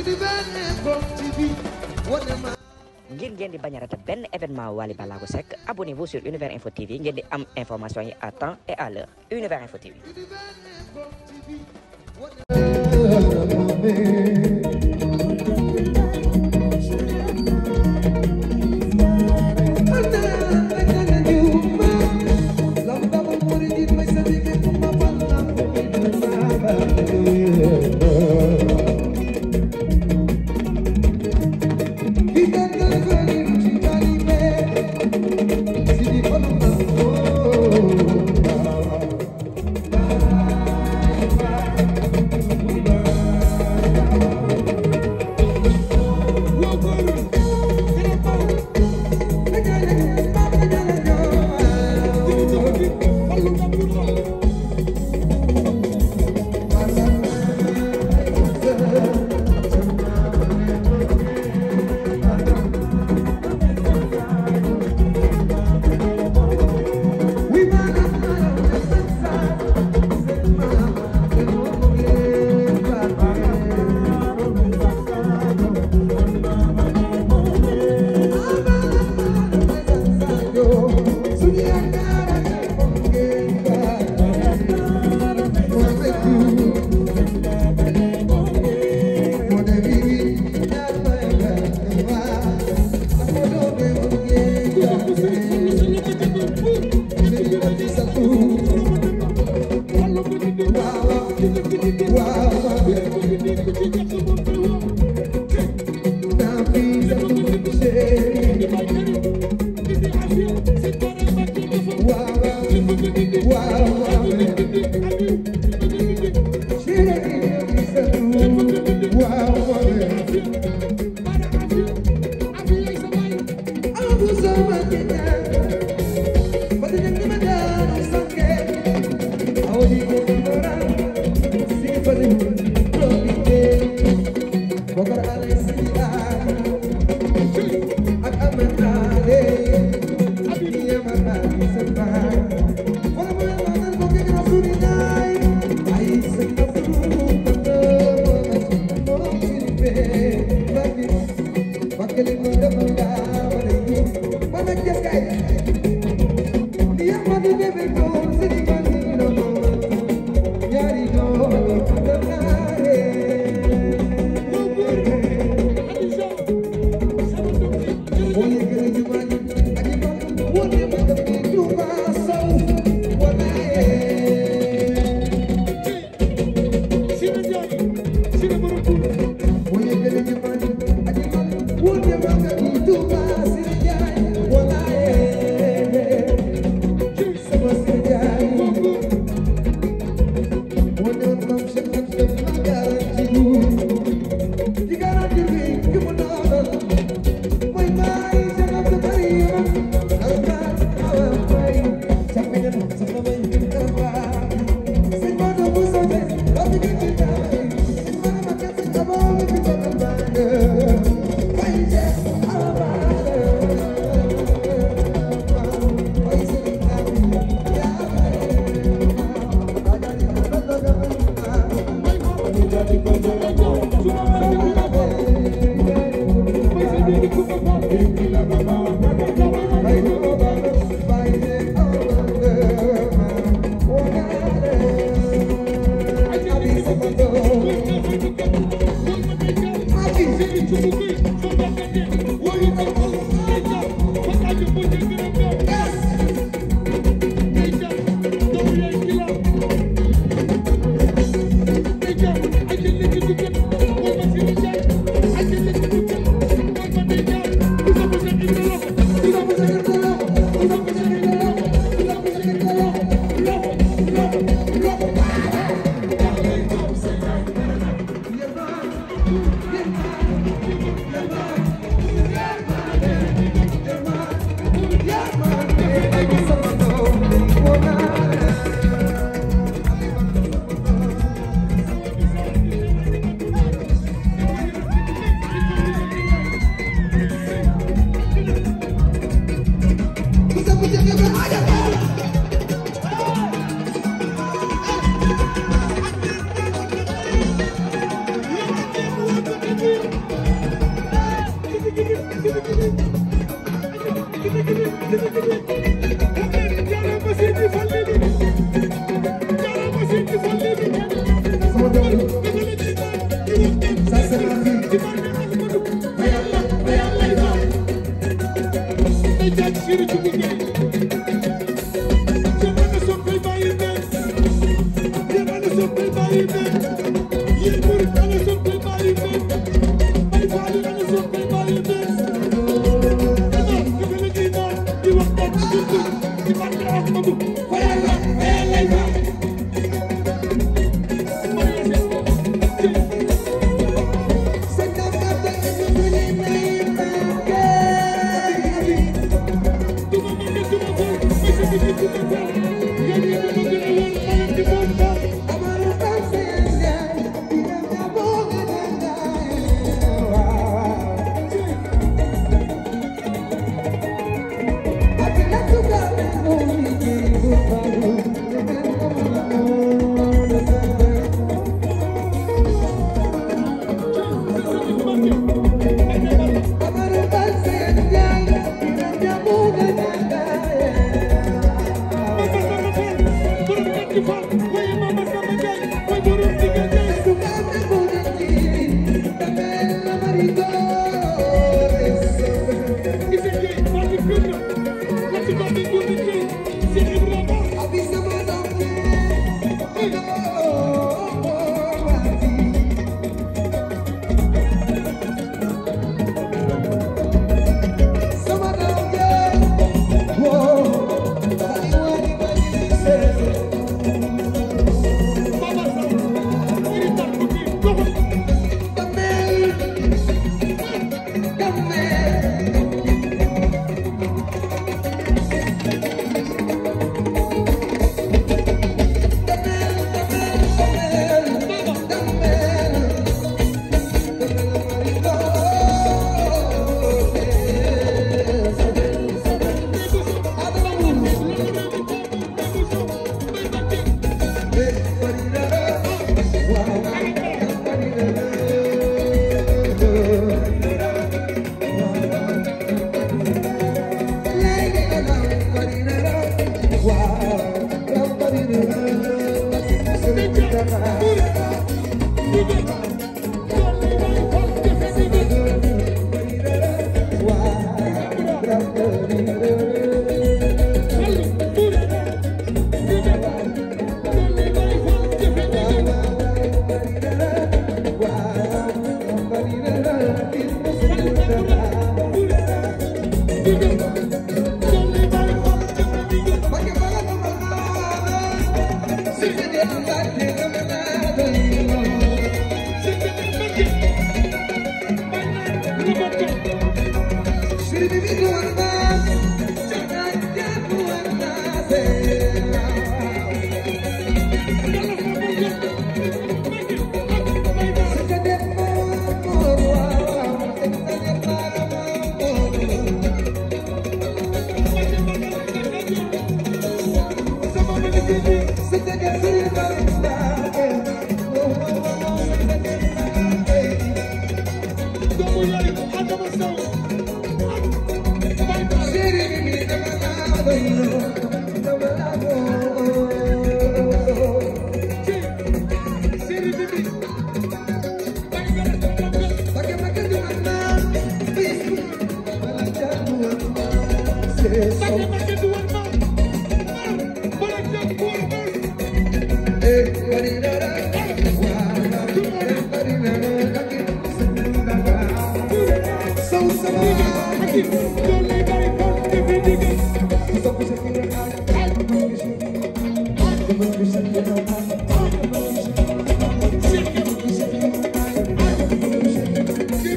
ngir ngeen di bañ a benn événement Wally Ballago Seck abonnez-vous sur Univers Info TV ngeen di am information yi à temps et à l'heure Univers Info TV Thank you.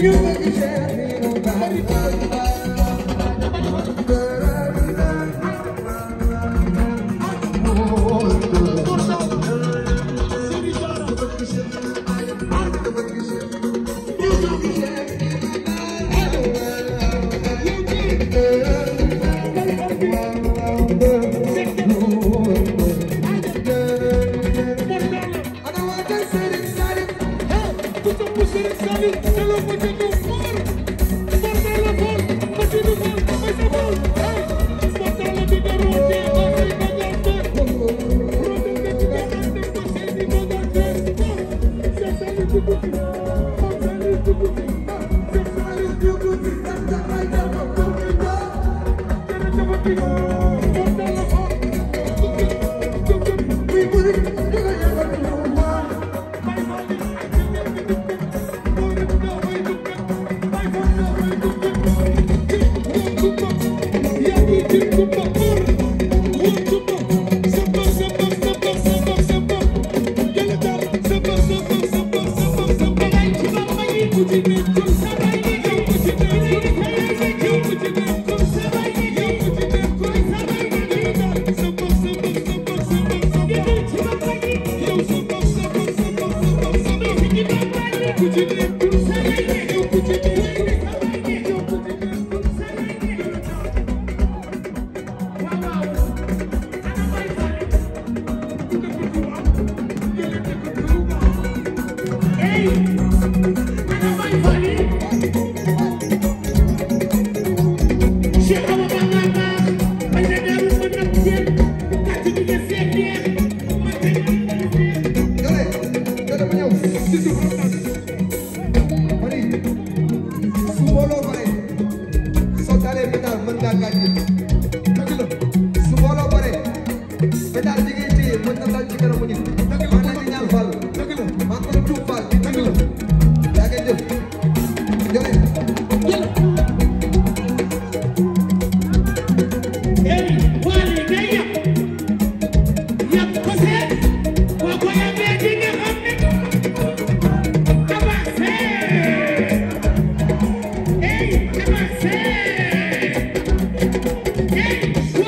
you. Sëriñ Saliou Saliou mu jënd for for dala for Dakar mën ngaa Thank you.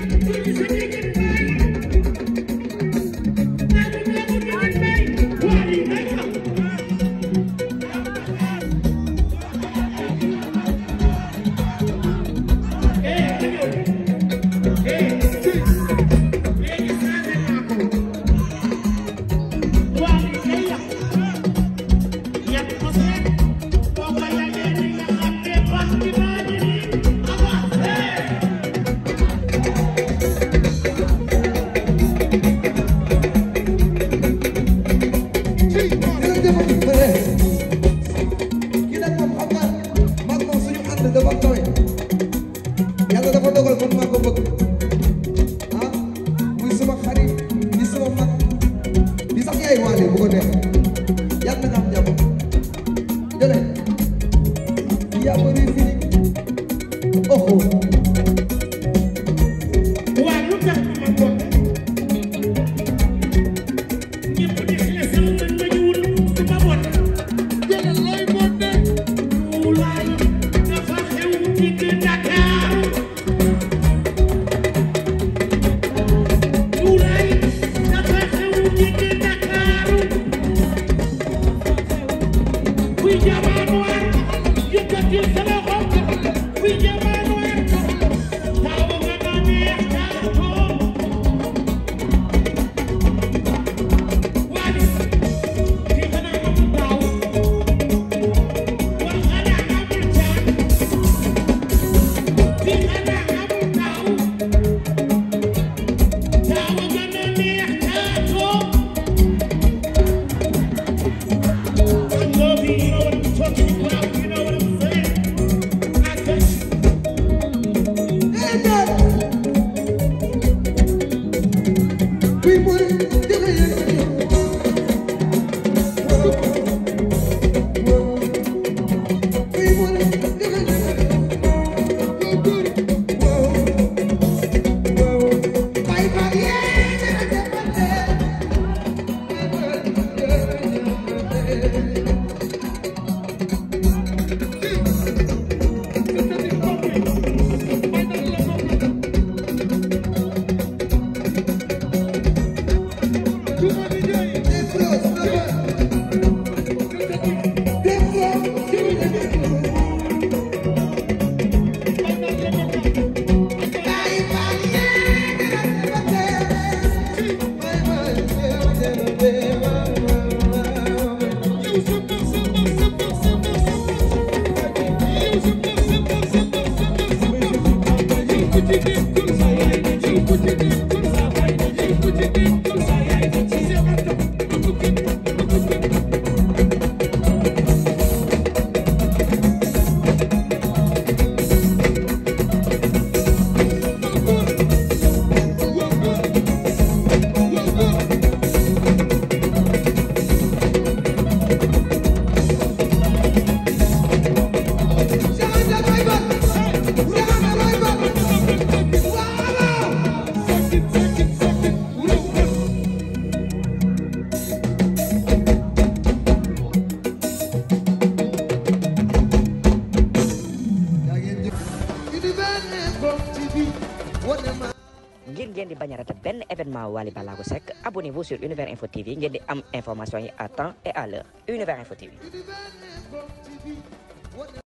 événement Wally Ballago Seck abonnez-vous sur Univers Info TV ngeen di information yi à temps et à l'heure Univers Info TV